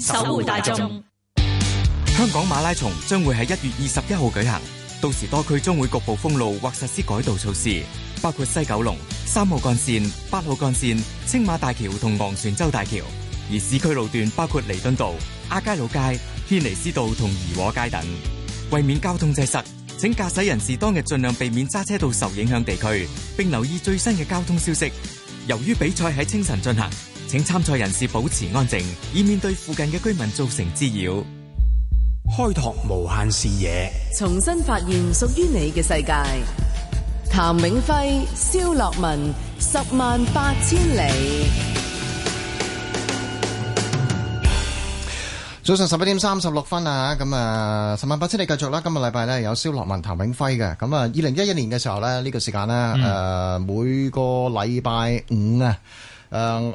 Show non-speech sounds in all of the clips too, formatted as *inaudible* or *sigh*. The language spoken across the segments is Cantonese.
守護大眾。香港馬拉松將會喺一月二十一號舉行，到時多區將會局部封路或實施改道措施，包括西九龍三號幹線、八號幹線、青馬大橋同昂船洲大橋，而市區路段包括彌敦道、亞皆老街、軒尼詩道同怡和街等。為免交通擠塞，請駕駛人士當日盡量避免揸車到受影響地區，並留意最新嘅交通消息。由於比賽喺清晨進行。請參賽人士保持安靜，以免對附近嘅居民造成滋擾。開拓無限視野，重新發現屬於你嘅世界。譚永輝、蕭樂文，十萬八千里。早上十一點三十六分啊，咁啊，十萬八千里繼續啦。今日禮拜呢，有蕭樂文、譚永輝嘅。咁啊，二零一一年嘅時候呢，呢、呢個時間啦，誒、嗯呃，每個禮拜五啊。誒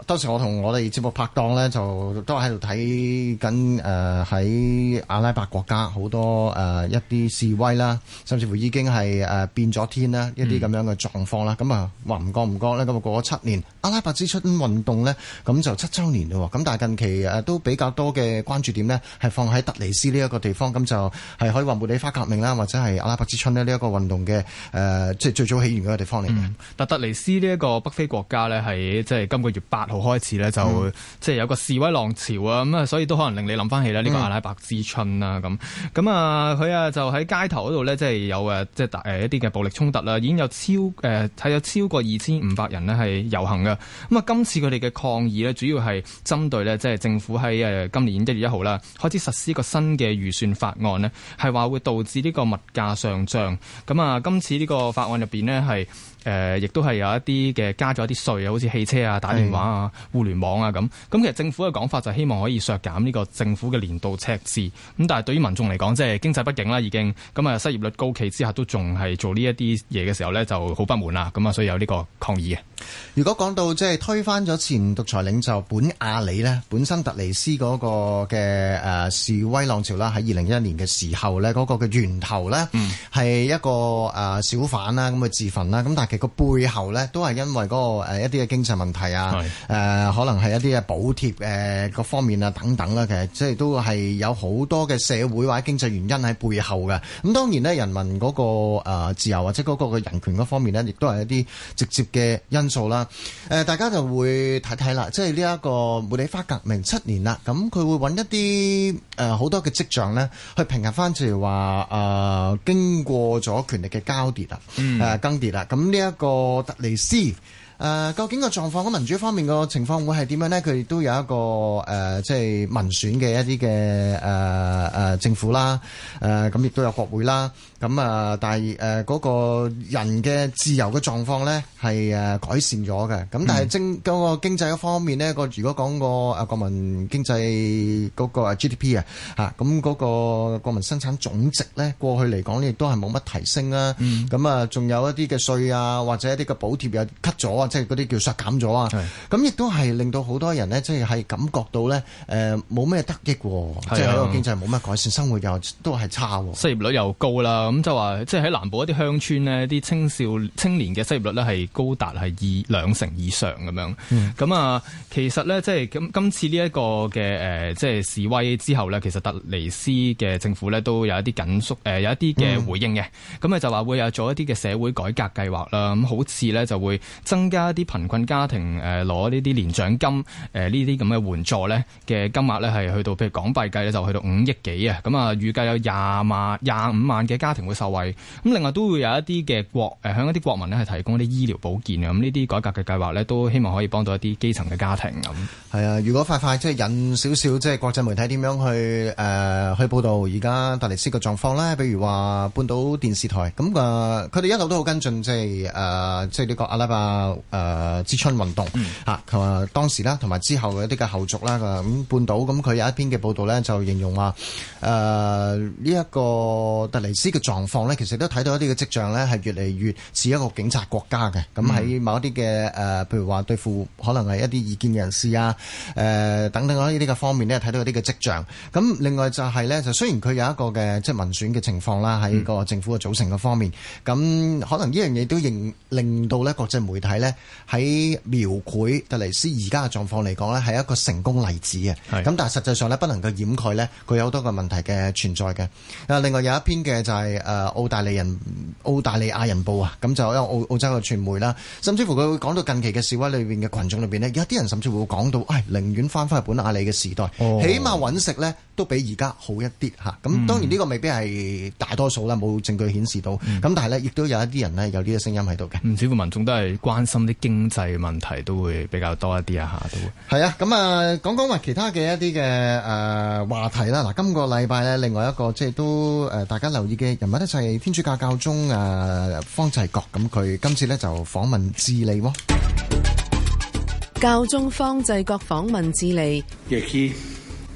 當、嗯、時我同我哋節目拍檔呢，就都喺度睇緊誒喺阿拉伯國家好多誒、呃、一啲示威啦，甚至乎已經係誒、呃、變咗天啦，一啲咁樣嘅狀況啦。咁啊話唔覺唔覺呢？咁啊過咗七年，阿拉伯之春運動呢，咁就七周年喎。咁但近期誒都比較多嘅關注點呢，係放喺突尼斯呢一個地方，咁就係可以話茉莉花革命啦，或者係阿拉伯之春呢一個運動嘅誒即係最早起源嗰個地方嚟嘅、嗯。但突尼斯呢一個北非國家呢，係即係今個月八號開始咧，就、嗯、即係有個示威浪潮啊，咁啊，所以都可能令你諗翻起咧呢個阿拉伯之春啊，咁咁、嗯嗯、啊，佢啊就喺街頭嗰度咧，即、就、係、是、有誒，即係誒一啲嘅暴力衝突啦，已經有超誒，睇、呃、有超過二千五百人呢係遊行噶，咁、嗯、啊，今次佢哋嘅抗議呢，主要係針對咧，即、就、係、是、政府喺誒今年一月一號啦，開始實施個新嘅預算法案呢，係話會導致呢個物價上漲，咁、嗯、啊、嗯，今次呢個法案入邊呢，係。誒、呃，亦都係有一啲嘅加咗一啲稅啊，好似汽車啊、打電話啊、的互聯網啊咁。咁其實政府嘅講法就希望可以削減呢個政府嘅年度赤字。咁但係對於民眾嚟講，即係經,經濟不景啦，已經咁啊，失業率高企之下都仲係做呢一啲嘢嘅時候呢，就好不滿啦。咁啊，所以有呢個抗議啊。如果講到即係推翻咗前獨裁領袖本亞里呢，本身突尼斯嗰個嘅示威浪潮啦，喺二零一一年嘅時候呢，嗰、那個嘅源頭呢，係、嗯、一個小販啦，咁去自焚啦。咁但個背後咧，都係因為個誒一啲嘅經濟問題啊，誒是、呃、可能係一啲嘅補貼誒嗰方面啊等等啦。其實即係都係有好多嘅社會或者經濟原因喺背後嘅。咁當然咧，人民個誒自由或者個個嘅人權嗰方面咧，亦都係一啲直接嘅因素啦。誒大家就會睇睇啦，即係呢一個茉莉花革命七年啦，咁佢會揾一啲誒好多嘅跡象咧，去平衡翻，譬如話誒、呃、經過咗權力嘅交迭啦，誒、嗯、更迭啦，咁呢一個突尼斯誒，究竟個狀況？個民主方面個情況會係點樣咧？佢亦都有一個誒，即係民選嘅一啲嘅誒誒政府啦，誒咁亦都有國會啦。咁啊，但係誒嗰個人嘅自由嘅狀況咧係誒改善咗嘅。咁但係經嗰個經濟嗰方面咧，個如果講個誒國民經濟嗰個 GDP 啊，嚇咁嗰個國民生產總值咧，過去嚟講咧亦都係冇乜提升啦。咁啊，仲有一啲嘅稅啊，或者一啲嘅補貼又 cut 咗。即係嗰啲叫削減咗啊！咁是亦都係令到好多人咧，即係係感覺到咧，誒冇咩得益喎，是啊、即係喺個經濟冇咩改善，生活又都係差的，失業率又高啦。咁就話即係喺南部一啲鄉村咧，啲青少青年嘅失業率咧係高達係二兩成以上咁樣。咁、嗯、啊，其實咧，即係今今次呢一個嘅誒即係示威之後咧，其實突尼斯嘅政府咧都有一啲緊縮誒有一啲嘅回應嘅。咁啊、嗯、就話會有做一啲嘅社會改革計劃啦。咁好似咧就會增加而家啲貧困家庭誒攞呢啲年獎金誒呢啲咁嘅援助咧嘅金額咧係去到譬如港幣計咧就去到五億幾啊，咁啊，預計有廿萬廿五萬嘅家庭會受惠，咁、嗯、另外都會有一啲嘅國誒、呃、向一啲國民呢係提供一啲醫療保健啊。咁呢啲改革嘅計劃咧都希望可以幫到一啲基層嘅家庭咁。係、嗯、啊，如果快快即係引少少即係國際媒體點樣去誒、呃、去報道而家突尼斯嘅狀況咧，比如話半島電視台咁啊，佢哋、呃、一路都好跟進，即係誒、呃、即係呢個阿拉伯。呃，之春運動、嗯、啊，同埋當時啦，同埋之後嘅一啲嘅後續啦，咁、嗯、半島咁佢有一篇嘅報道呢，就形容話呃，呢、這、一個突尼斯嘅狀況呢，其實都睇到一啲嘅跡象呢，係越嚟越似一個警察國家嘅。咁喺某一啲嘅誒，譬、呃、如話對付可能係一啲異見人士啊，誒、呃、等等呢啲嘅方面呢，睇到一啲嘅跡象。咁另外就係呢，就雖然佢有一個嘅即係民選嘅情況啦，喺個政府嘅組成嘅方面，咁、嗯、可能呢樣嘢都令令到呢國際媒體呢。喺描繪突尼斯而家嘅狀況嚟講咧，係一個成功例子嘅。咁是的 但係實際上咧，不能夠掩蓋咧佢有好多個問題嘅存在嘅。啊，另外有一篇嘅就係誒澳大利人、澳大利亞人報啊，咁就一個澳澳洲嘅傳媒啦，甚至乎佢會講到近期嘅示威裏邊嘅群眾裏邊呢，有一啲人甚至會講到，唉，寧願翻返去本阿里嘅時代，哦、起碼揾食咧。都比而家好一啲嚇，咁當然呢個未必係大多數啦，冇、嗯、證據顯示到。咁、嗯、但係咧，亦都有一啲人咧有呢個聲音喺度嘅。唔少、嗯、乎民眾都係關心啲經濟問題，都會比較多一啲啊嚇，都會。係啊，咁啊，講講話其他嘅一啲嘅誒話題啦。嗱、啊，今個禮拜咧，另外一個即係、就是、都誒大家留意嘅人物就係天主教教宗啊方濟各。咁佢今次咧就訪問智利喎。教宗方濟各訪問智利。y、yeah,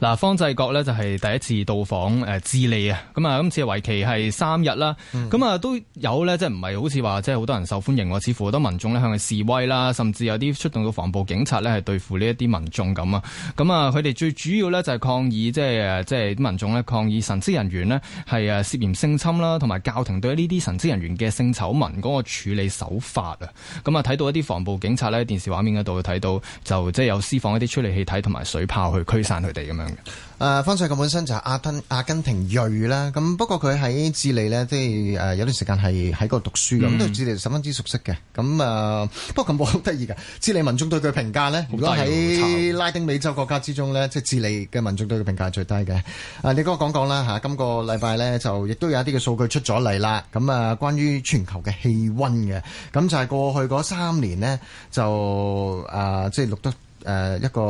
嗱，方濟各呢就係第一次到訪誒智利啊，咁啊今次為期係三日啦，咁啊、嗯、都有咧，即係唔係好似話即係好多人受歡迎喎？似乎好多民眾呢向佢示威啦，甚至有啲出動到防暴警察呢係對付呢一啲民眾咁啊，咁啊佢哋最主要呢就係抗議，即係即係民眾呢抗議神職人員呢係涉嫌性侵啦，同埋教廷對呢啲神職人員嘅性醜聞嗰個處理手法啊，咁啊睇到一啲防暴警察呢，電視畫面嗰度睇到就即係有施放一啲催淚氣體同埋水炮去驅散佢哋咁樣。誒、啊，方濟各本身就係阿阿根廷裔啦，咁不過佢喺智利呢，即係誒有段時間係喺嗰度讀書，咁對、嗯、智利十分之熟悉嘅。咁啊、呃，不過咁我好得意㗎。智利民眾對佢評價呢，如果喺拉丁美洲國家之中呢，即係智利嘅民眾對佢評價係最低嘅。誒、啊，你幫我講講啦吓，今個禮拜呢，就亦都有一啲嘅數據出咗嚟啦。咁啊，關於全球嘅氣溫嘅，咁就係過去嗰三年呢，就誒，即係錄得。誒、呃、一個誒、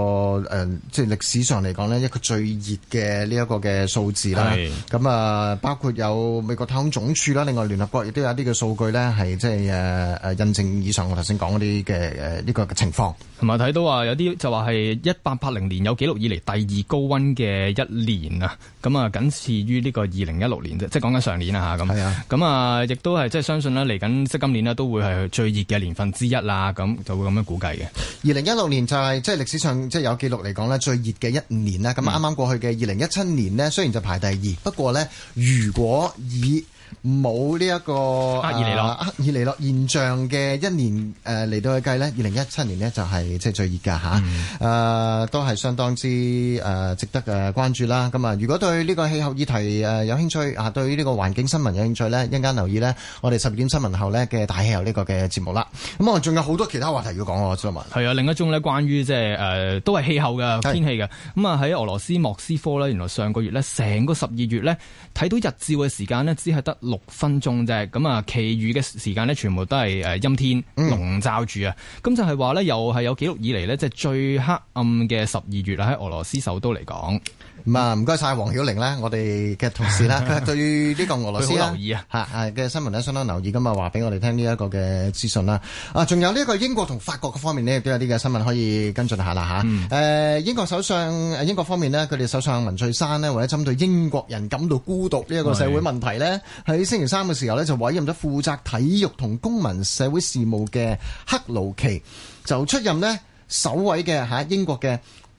呃，即係歷史上嚟講咧，一個最熱嘅呢一個嘅數字啦。咁是啊，包括有美國太空總署啦，另外聯合國亦都有一啲嘅數據呢，係即係誒誒印證以上我頭先講嗰啲嘅誒呢個嘅情況。同埋睇到話、啊、有啲就話係一八八零年有記錄以嚟第二高溫嘅一年啊，咁、嗯、啊僅次於呢個二零一六年啫，即係講緊上年啊嚇咁。咁啊、嗯、啊，亦都係即係相信啦、啊。嚟緊即今年呢、啊啊，都會係最熱嘅年份之一啦。咁就會咁樣估計嘅。二零一六年就係、是。即係歷史上即係有記錄嚟講咧，最熱嘅一年啦。咁啱啱過去嘅二零一七年咧，雖然就排第二，不過咧，如果以冇呢一個厄爾尼諾、厄爾尼諾現象嘅一年誒嚟、呃、到去計呢，二零一七年呢就係即係最熱㗎。嚇、嗯啊，都係相當之誒、呃、值得誒關注啦。咁啊，如果對呢個氣候議題誒有興趣，啊對於呢個環境新聞有興趣呢，一陣間留意呢我哋十二點新聞後呢嘅大氣候呢個嘅節目啦。咁啊，仲有好多其他話題要講，我朱立文。係啊，另一種呢關於即係誒都係氣候嘅天氣嘅。咁啊是，喺俄羅斯莫斯科呢，原來上個月呢，成個十二月呢，睇到日照嘅時間呢，只係得六分鐘啫，咁啊，其餘嘅時間咧，全部都係誒陰天，籠罩住啊，咁、嗯、就係話咧，又係有紀錄以嚟咧，即係最黑暗嘅十二月啦，喺俄羅斯首都嚟講。咁啊，唔該晒黃曉玲咧，我哋嘅同事咧，佢對呢個俄羅斯好留意啊，吓嘅新聞咧，相當留意，咁啊，話俾我哋聽呢一個嘅資訊啦。啊，仲有呢個英國同法國嘅方面咧，亦都有啲嘅新聞可以跟進下啦，吓。誒，英國首相，誒，英國方面咧，佢哋首相文翠珊咧，為咗針對英國人感到孤獨呢一個社會問題咧，喺星期三嘅時候咧，就委任咗負責體育同公民社會事務嘅克魯奇，就出任咧首位嘅吓英國嘅。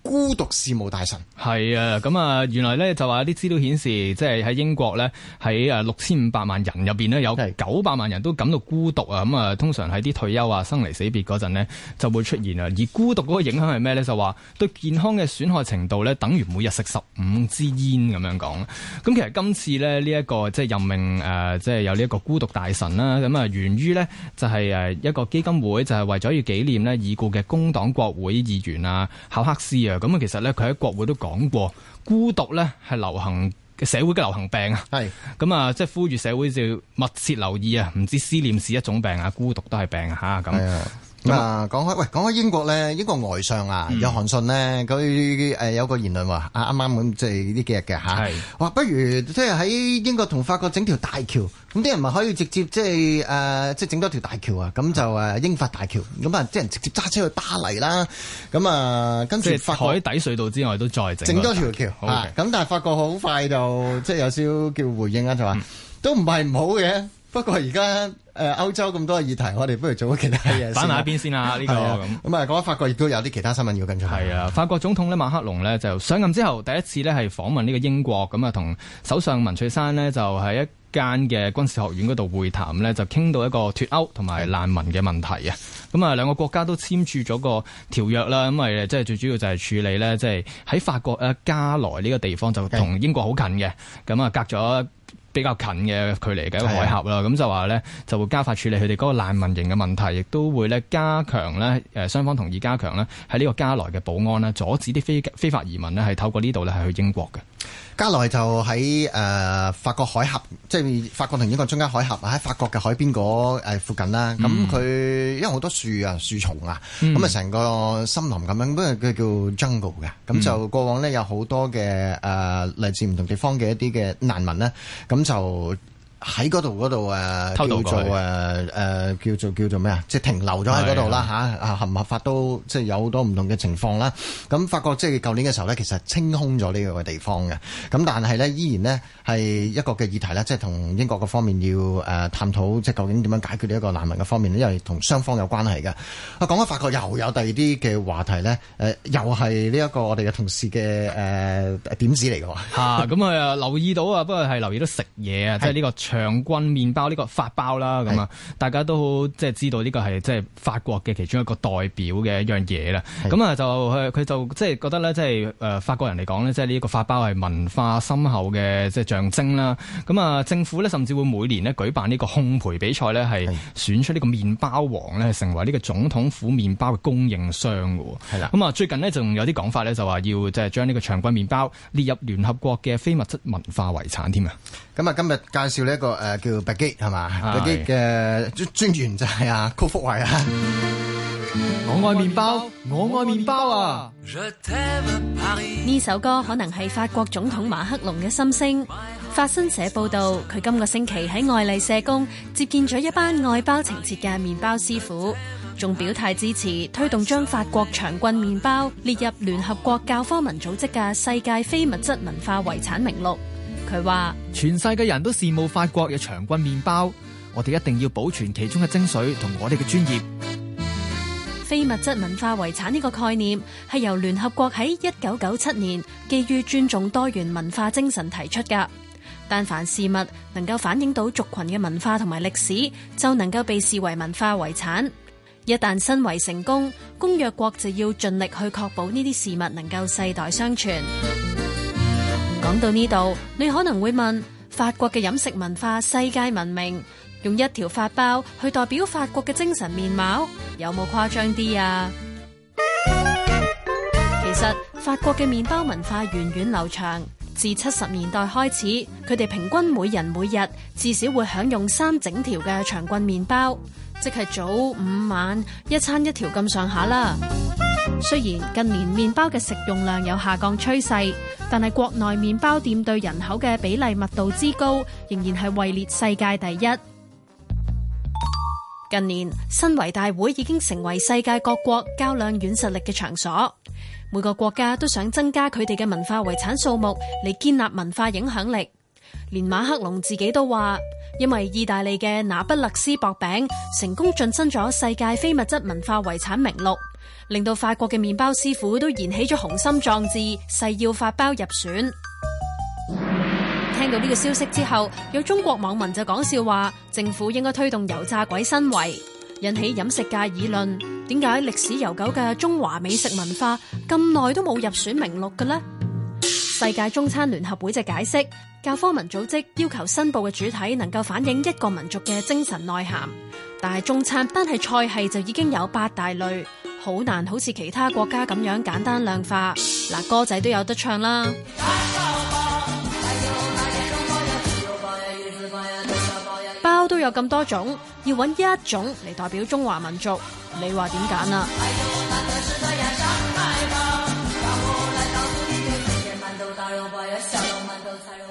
孤獨事務大臣係啊，咁啊，原來咧就話啲資料顯示，即係喺英國咧，喺誒六千五百萬人入邊咧，有九百萬人都感到孤獨啊。咁啊的，通常喺啲退休啊、生離死別嗰陣呢，就會出現啊。而孤獨嗰個影響係咩咧？就話對健康嘅損害程度咧，等於每日食十五支煙咁樣講。咁其實今次咧呢一個即係任命誒，即係有呢一個孤獨大臣啦。咁啊，源於呢，就係誒一個基金會，就係為咗要紀念呢已故嘅工黨國會議員啊考克斯啊。咁啊，其實咧，佢喺國會都講過，孤獨咧係流行嘅社會嘅流行病啊。係咁啊，即係呼籲社會就密切留意啊，唔知思念是一種病啊，孤獨都係病啊吓咁。咁啊，講、嗯、開喂，講開英國咧，英國外相啊，嗯、有韓信咧，佢誒有個言論話啊，啱啱咁即係呢幾日嘅吓，話不如即係喺英國同法國整條大橋，咁啲人咪可以直接即係誒，即、就、係、是啊就是、整多條大橋啊，咁是就誒英法大橋，咁啊，即係直接揸車去巴黎啦，咁啊跟住法國海底隧道之外都再整，橋整多條橋吓，咁 Okay、啊、但係法國好快就即、是、係有少叫回應啊，就話、是嗯、都唔係唔好嘅。不過而家誒，歐洲咁多議題，我哋不如做咗其他嘢翻埋下一邊先啦。呢個咁。咁啊，講法國亦都有啲其他新聞要跟住。係啊，法國總統咧，馬克龍咧就上任之後，第一次咧係訪問呢個英國，咁啊同首相文翠珊呢，就喺一間嘅軍事學院嗰度會談咧，就傾到一個脫歐同埋難民嘅問題啊。咁啊，兩個國家都簽署咗個條約啦，咁啊，即係最主要就係處理咧，即係喺法國加萊呢個地方就同英國好近嘅，咁啊的隔咗。比較近嘅距離嘅一個海峽啦，咁就話咧就會加快處理佢哋嗰個難民營嘅問題，亦都會咧加強咧誒雙方同意加強咧喺呢個加萊嘅保安咧，阻止啲非非法移民咧係透過呢度咧係去英國嘅。加來就喺誒、呃、法國海峽，即係法國同英國中間海峽，喺法國嘅海邊嗰附近啦。咁佢、嗯、因為好多樹啊、樹叢啊，咁啊成個森林咁樣，因為佢叫 jungle 嘅。咁就過往呢，有好多嘅誒嚟自唔同地方嘅一啲嘅難民呢，咁就。喺嗰度嗰度誒叫做誒誒、呃、叫做叫做咩是的 啊？即係停留咗喺嗰度啦吓，啊合唔合法都即係有好多唔同嘅情況啦。咁法國即係舊年嘅時候咧，其實清空咗呢個地方嘅。咁但係咧，依然咧係一個嘅議題呢，即係同英國嗰方面要誒探討，即係究竟點樣解決呢一個難民嘅方面咧，因為同雙方有關係嘅。啊，講緊法國又有第二啲嘅話題咧，誒、呃、又係呢一個我哋嘅同事嘅誒、呃、點子嚟嘅喎。咁啊、嗯、 *laughs* 留意到啊，不過係留意到食嘢啊，的即係呢、這個。長棍麵包呢個法包啦，咁啊是，大家都即係知道呢個係即係法國嘅其中一個代表嘅一樣嘢啦。咁啊是，那就佢就即係覺得咧，即係誒法國人嚟講呢，即係呢一個法包係文化深厚嘅即係象徵啦。咁啊，政府呢，甚至會每年呢舉辦呢個烘焙比賽呢，係選出呢個麵包王呢，成為呢個總統府麵包嘅供應商嘅。係啦的。咁啊，最近呢，仲有啲講法呢，就話要即係將呢個長棍麵包列入聯合國嘅非物質文化遺產添啊。咁啊，今日介紹呢。個誒叫白基係嘛？白基嘅專員就係啊，曲福維啊。我愛麵包，我愛麵包啊！呢首歌可能係法國總統馬克龍嘅心聲。法新社報道，佢今個星期喺愛麗舍宮接見咗一班愛包情切嘅麵包師傅，仲表態支持推動將法國長棍麵包列入聯合國教科文組織嘅世界非物質文化遺產名錄。佢話：他說全世界人都羨慕法國有長棍麵包，我哋一定要保存其中嘅精髓同我哋嘅專業。非物質文化遺產呢個概念係由聯合國喺一九九七年，基於尊重多元文化精神提出噶。但凡事物能夠反映到族群嘅文化同埋歷史，就能夠被視為文化遺產。一旦申遺成功，公約國就要盡力去確保呢啲事物能夠世代相傳。講到呢度，你可能會問：法國嘅飲食文化世界聞名，用一條法包去代表法國嘅精神面貌，有冇誇張啲啊？嗯、其實法國嘅麵包文化源遠流長，自七十年代開始，佢哋平均每人每日至少會享用三整條嘅長棍麵包，即係早、午、晚一餐一條咁上下啦。雖然近年麵包嘅食用量有下降趨勢，但係國內麵包店對人口嘅比例密度之高，仍然係位列世界第一。近年，申遺大會已經成為世界各國較量軟實力嘅場所，每個國家都想增加佢哋嘅文化遺產數目，嚟建立文化影響力。連馬克龍自己都話，因為意大利嘅那不勒斯薄餅成功晉身咗世界非物質文化遺產名錄。令到法國嘅麵包師傅都燃起咗雄心壯志，誓要法包入選。聽到呢個消息之後，有中國網民就講笑話，政府應該推動油炸鬼申遺，引起飲食界議論。點解歷史悠久嘅中華美食文化咁耐都冇入選名錄嘅呢？世界中餐聯合會就解釋，教科文組織要求申報嘅主體能夠反映一個民族嘅精神內涵，但係中餐單係菜系就已經有八大類。好難好似其他國家咁樣簡單量化，嗱，歌仔都有得唱啦。包都有咁多種，要揾一種嚟代表中華民族，你話點揀啊？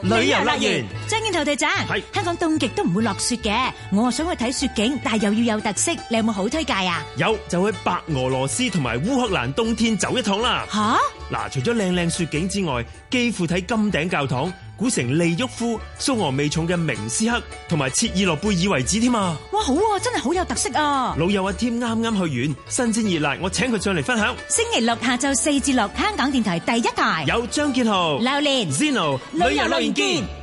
旅遊樂園，張健頭隊長，係是香港凍極都唔會落雪嘅，我想去睇雪景，但係又要有特色，你有冇好推介啊？有，就去白俄羅斯同埋烏克蘭冬天走一趟啦。吓蛤，嗱，除咗靚靚雪景之外，幾乎睇金頂教堂。古城利沃夫、蘇俄味重嘅明斯克同埋切爾諾貝爾遺址添啊！哇，好啊，真係好有特色啊！老友阿添啱啱去完，新鮮熱辣，我請佢上嚟分享。星期六下晝四至六，香港電台第一台有張建豪、榴蓮、Zino 旅遊樂園見。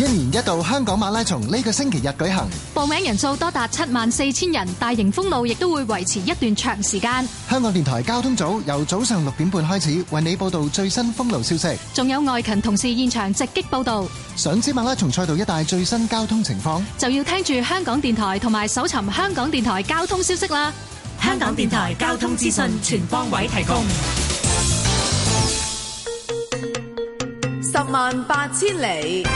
一年一度香港馬拉松呢個星期日舉行，報名人數多達七萬四千人，大型封路亦都會維持一段長時間。香港電台交通組由早上六點半開始為你報道最新封路消息，仲有外勤同事現場直擊報道。想知馬拉松賽道一帶最新交通情況，就要聽住香港電台同埋搜尋香港電台交通消息啦。香港電台交通資訊全方位提供，十萬八千里。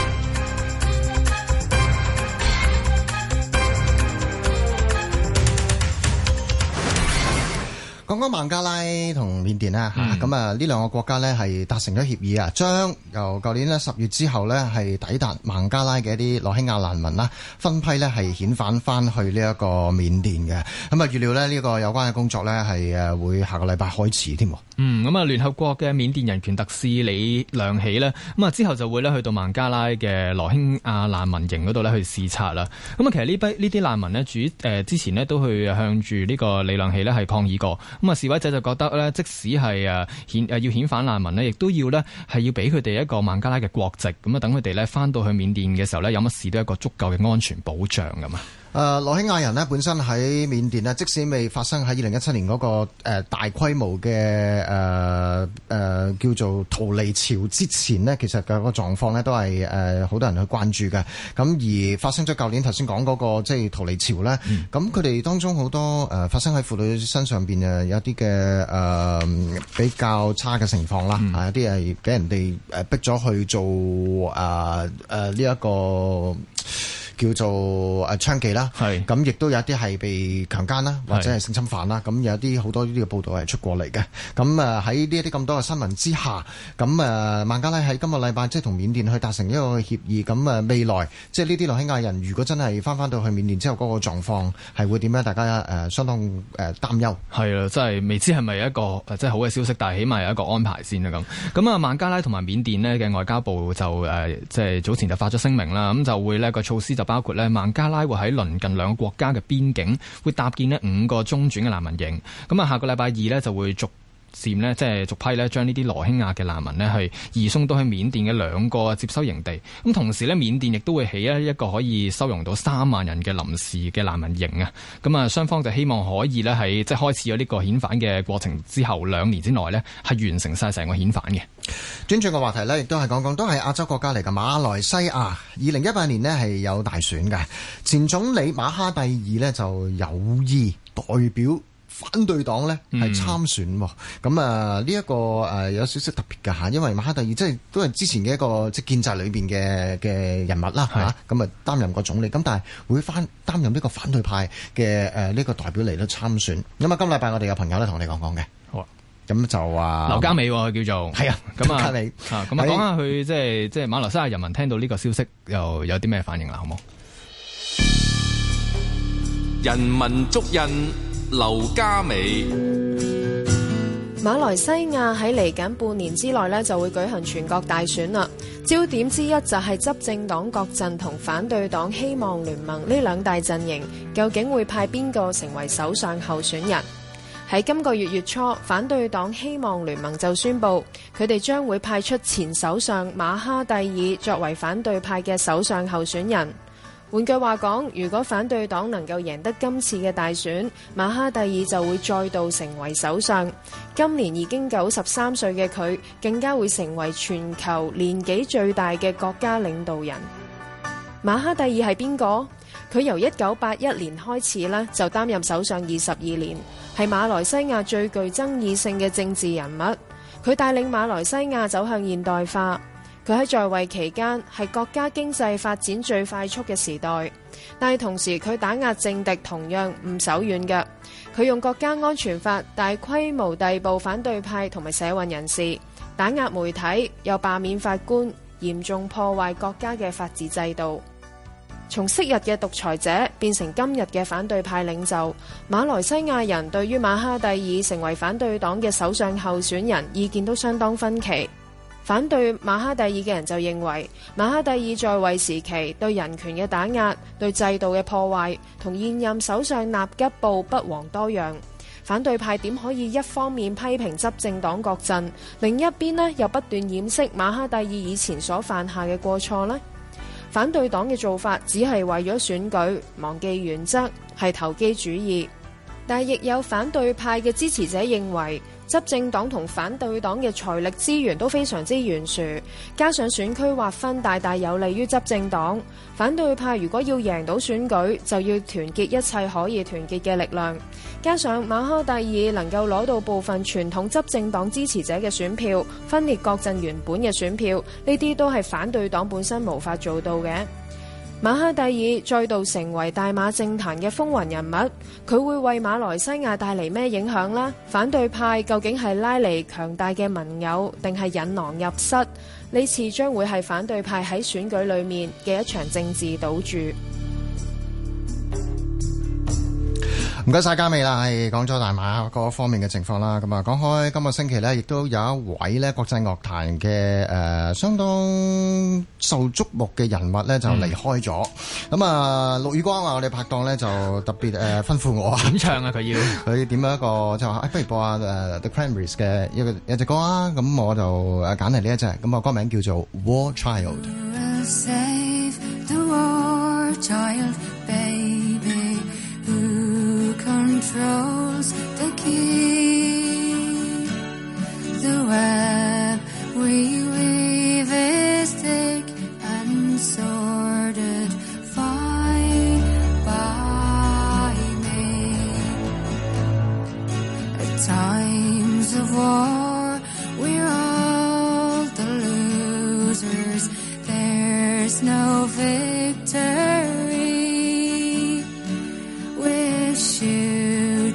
講緊孟加拉同緬甸咧，咁啊呢兩個國家呢係達成咗協議啊，將由舊年咧十月之後呢係抵達孟加拉嘅一啲羅興亞難民啦，分批呢係遣返翻去呢一個緬甸嘅。咁啊預料呢，呢個有關嘅工作呢係誒會下個禮拜開始添、嗯。嗯，咁啊聯合國嘅緬甸人權特使李亮喜呢，咁、嗯、啊之後就會呢去到孟加拉嘅羅興亞難民營嗰度呢去視察啦。咁、嗯、啊其實呢批呢啲難民呢，主、呃、誒之前呢都去向住呢個李亮喜呢係抗議過。咁啊，示威者就覺得咧，即使係啊遣啊要遣返難民呢，亦都要咧係要俾佢哋一個孟加拉嘅國籍，咁啊等佢哋咧翻到去緬甸嘅時候咧，有乜事都一個足夠嘅安全保障咁啊。誒、呃、羅興亞人呢，本身喺緬甸呢，即使未發生喺二零一七年嗰個誒大規模嘅誒誒叫做逃離潮之前呢，其實嗰個狀況呢都係誒好多人去關注嘅。咁而發生咗舊年頭先講嗰個即係逃離潮呢，咁佢哋當中好多誒發生喺婦女身上面，誒有一啲嘅誒比較差嘅情況啦，係有啲係俾人哋逼咗去做啊誒呢一個。叫做誒槍擊啦，咁亦都有啲係被強奸啦，或者係性侵犯啦，咁是有啲好多呢啲嘅報道係出過嚟嘅。咁啊喺呢一啲咁多嘅新聞之下，咁啊孟加拉喺今個禮拜即係同緬甸去達成一個協議，咁啊未來即係呢啲羅興亞人如果真係翻翻到去緬甸之後嗰個狀況係會點咧？大家誒、呃、相當誒擔憂，係啊，真係即係未知係咪一個即係好嘅消息，但係起碼有一個安排先啦。咁咁啊，孟加拉同埋緬甸咧嘅外交部就誒、呃、即係早前就發出聲明啦，咁就會咧個措施就。包括咧孟加拉會喺鄰近兩個國家嘅邊境會搭建咧五個中轉嘅難民營，咁啊下個禮拜二呢就會逐。漸咧，即係逐批咧，將呢啲羅興亞嘅難民呢，係移送到喺緬甸嘅兩個接收營地。咁同時呢，緬甸亦都會起一一個可以收容到三萬人嘅臨時嘅難民營啊。咁啊，雙方就希望可以呢，喺即係開始咗呢個遣返嘅過程之後，兩年之內呢，係完成晒成個遣返嘅。轉轉個話題呢，亦都係講講都係亞洲國家嚟嘅馬來西亞，二零一八年呢，係有大選嘅，前總理馬哈蒂爾呢，就有意代表。反對黨咧係參選的，咁、嗯、啊呢、這個呃、一個誒有少少特別嘅吓，因為馬哈特爾即係都係之前嘅一個即係建制裏邊嘅嘅人物啦，吓咁的啊擔任過總理，咁但係會翻擔任呢個反對派嘅誒呢個代表嚟到參選，咁、嗯、啊今禮拜我哋有朋友咧同我哋講講嘅，好咁就話劉家美叫做係啊，咁啊，劉家美啊，咁的啊講下佢即係即係馬來西亞人民聽到呢個消息又有啲咩反應啊，好冇？人民足印。劉家美，馬來西亞喺嚟緊半年之內呢就會舉行全國大選啦。焦點之一就係執政黨國陣同反對黨希望聯盟呢兩大陣營究竟會派邊個成為首相候選人。喺今個月月初，反對黨希望聯盟就宣布，佢哋將會派出前首相馬哈蒂爾作為反對派嘅首相候選人。換句話講，如果反對黨能夠贏得今次嘅大選，馬哈蒂爾就會再度成為首相。今年已經九十三歲嘅佢，更加會成為全球年紀最大嘅國家領導人。馬哈蒂爾係邊個？佢由一九八一年開始呢就擔任首相二十二年，係馬來西亞最具爭議性嘅政治人物。佢帶領馬來西亞走向現代化。佢喺在，在位期間係國家經濟發展最快速嘅時代，但係同時佢打壓政敵，同樣唔手軟嘅。佢用國家安全法大規模逮捕反對派同埋社運人士，打壓媒體，又罷免法官，嚴重破壞國家嘅法治制度。從昔日嘅獨裁者變成今日嘅反對派領袖，馬來西亞人對於馬哈蒂爾成為反對黨嘅首相候選人，意見都相當分歧。反對馬哈蒂爾嘅人就認為，馬哈蒂爾在位時期對人權嘅打壓、對制度嘅破壞同現任首相納吉布不遑多讓。反對派點可以一方面批評執政黨國陣，另一邊又不斷掩飾馬哈蒂爾以前所犯下嘅過錯呢？反對黨嘅做法只係為咗選舉，忘記原則係投機主義。但亦有反對派嘅支持者認為執政黨同反對黨嘅財力資源都非常之懸殊，加上選區劃分大大有利於執政黨，反對派如果要贏到選舉，就要團結一切可以團結嘅力量。加上馬哈蒂爾能夠攞到部分傳統執政黨支持者嘅選票，分裂各陣原本嘅選票，呢啲都係反對黨本身無法做到嘅。馬哈蒂爾再度成為大馬政壇嘅風雲人物，佢會為馬來西亞帶嚟咩影響呢？反對派究竟係拉嚟強大嘅盟友，定係引狼入室？呢次將會係反對派喺選舉裏面嘅一場政治賭注。唔該晒嘉美啦，係講咗大馬各方面嘅情況啦。咁啊，講開今個星期咧，亦都有一位咧國際樂壇嘅誒、呃、相當受矚目嘅人物咧，就離開咗。咁、嗯呃、啊，陸雨光話我哋拍檔咧就特別誒、呃、吩咐我咁唱啊，佢要佢點樣一個就話、哎，不如播下誒 The Cranberries 嘅一個一隻歌啊。咁我就揀嚟呢一隻，咁、那個歌名叫做 War Child。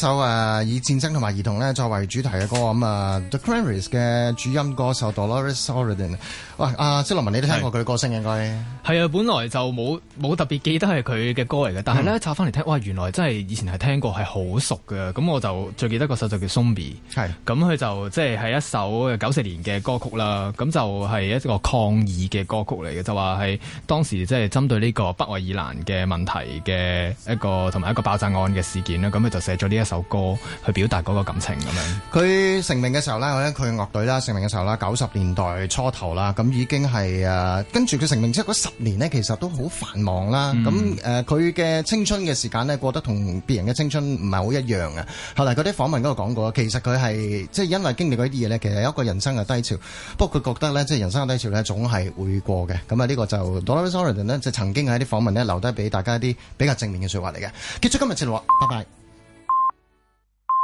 首誒以戰爭同埋兒童咧作為主題嘅歌咁啊，The Cranberries 嘅主音歌手 Dolores O'Riordan，喂，阿謝洛文，你都聽過佢嘅歌聲應該。係啊，本來就冇冇特別記得係佢嘅歌嚟嘅，但係咧插翻嚟聽，哇，原來真係以前係聽過，係好熟嘅。咁我就最記得個首就叫《Zombie》，係。咁佢就即係、係、一首九四年嘅歌曲啦。咁就係一個抗議嘅歌曲嚟嘅，就話係當時即係針對呢個北愛爾蘭嘅問題嘅一個同埋一個爆炸案嘅事件啦。咁佢就寫咗呢一首歌去表達嗰個感情咁樣。佢成名嘅時候咧，我覺得佢樂隊啦，成名嘅時候啦，九十年代初頭啦，咁已經係、啊、跟住佢成名之後嗰十。年呢，其實都好繁忙啦，咁誒佢嘅青春嘅時間呢，過得同別人嘅青春唔係好一樣嘅。後來嗰啲訪問嗰度講過，其實佢係即係因為經歷嗰啲嘢呢，其實有一個人生嘅低潮。不過佢覺得呢，即係人生嘅低潮呢，總係會過嘅。咁啊呢個就 Dolores O'Riordan 呢就曾經喺啲訪問呢，留低俾大家一啲比較正面嘅説話嚟嘅。結束今日節目，拜拜。